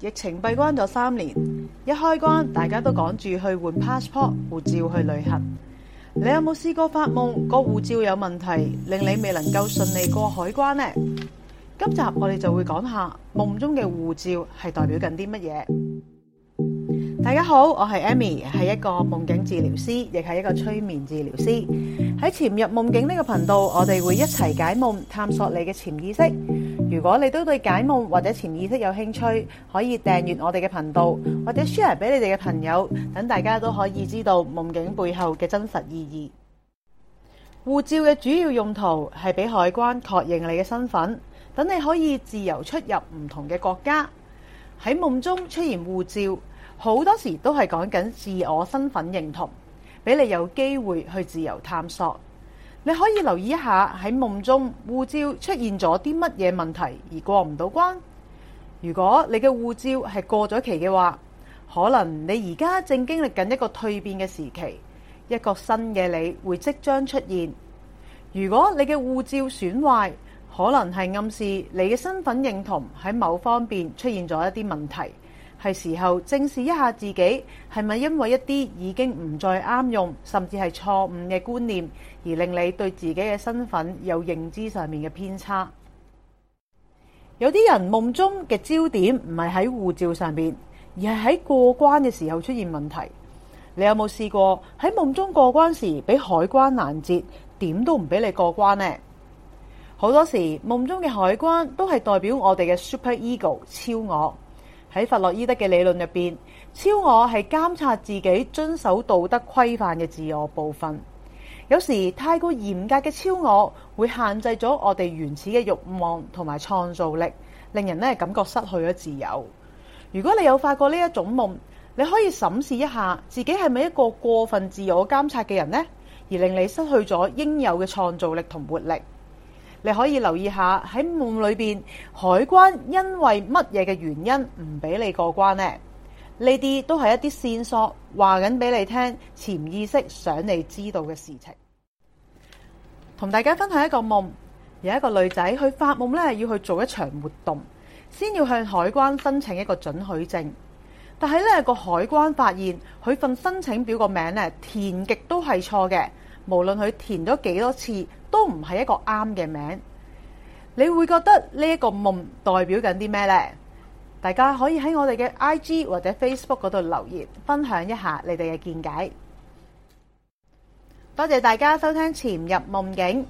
疫情閉關咗三年，一開關，大家都趕住去換 passport 護照去旅行。你有冇試過發夢個護照有問題，令你未能夠順利過海關呢？今集我哋就會講下夢中嘅護照係代表緊啲乜嘢。大家好，我係 Amy，係一個夢境治療師，亦係一個催眠治療師。喺潛入夢境呢個頻道，我哋會一齊解夢，探索你嘅潛意識。如果你都對解夢或者潛意識有興趣，可以訂閱我哋嘅頻道，或者 share 俾你哋嘅朋友，等大家都可以知道夢境背後嘅真實意義。護照嘅主要用途係俾海關確認你嘅身份，等你可以自由出入唔同嘅國家。喺夢中出現護照，好多時都係講緊自我身份認同，俾你有機會去自由探索。你可以留意一下喺夢中護照出現咗啲乜嘢問題而過唔到關。如果你嘅護照係過咗期嘅話，可能你而家正經歷緊一個蛻變嘅時期，一個新嘅你會即將出現。如果你嘅護照損壞，可能係暗示你嘅身份認同喺某方面出現咗一啲問題。係時候正視一下自己，係咪因為一啲已經唔再啱用，甚至係錯誤嘅觀念，而令你對自己嘅身份有認知上面嘅偏差？有啲人夢中嘅焦點唔係喺護照上邊，而係喺過關嘅時候出現問題。你有冇試過喺夢中過關時俾海關攔截，點都唔俾你過關呢？好多時夢中嘅海關都係代表我哋嘅 Super Ego 超我。喺弗洛伊德嘅理論入邊，超我係監察自己遵守道德規範嘅自我部分。有時太過嚴格嘅超我會限制咗我哋原始嘅欲望同埋創造力，令人咧感覺失去咗自由。如果你有發過呢一種夢，你可以審視一下自己係咪一個過分自我監察嘅人呢，而令你失去咗應有嘅創造力同活力。你可以留意下喺夢裏邊海關因為乜嘢嘅原因唔俾你過關呢？呢啲都係一啲線索，話緊俾你聽潛意識想你知道嘅事情。同大家分享一個夢，有一個女仔去發夢呢，要去做一場活動，先要向海關申請一個準許證。但係呢個海關發現佢份申請表個名呢填極都係錯嘅，無論佢填咗幾多次。都唔係一個啱嘅名，你會覺得呢一個夢代表緊啲咩呢？大家可以喺我哋嘅 I G 或者 Facebook 嗰度留言分享一下你哋嘅見解。多謝大家收聽《潛入夢境》。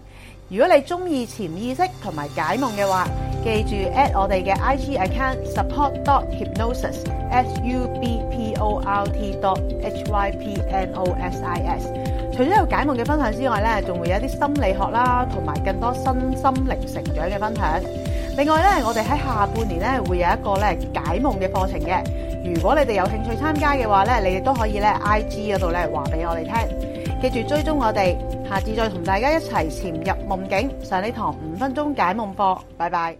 如果你中意潛意識同埋解夢嘅話，記住 at 我哋嘅 I G account support dot hypnosis s u b p o r t dot h y p n o s i s。除咗有解夢嘅分享之外咧，仲會有一啲心理學啦，同埋更多新心靈成長嘅分享。另外咧，我哋喺下半年咧會有一個咧解夢嘅課程嘅。如果你哋有興趣參加嘅話咧，你哋都可以咧 IG 嗰度咧話俾我哋聽。記住追蹤我哋，下次再同大家一齊潛入夢境，上呢堂五分鐘解夢課。拜拜。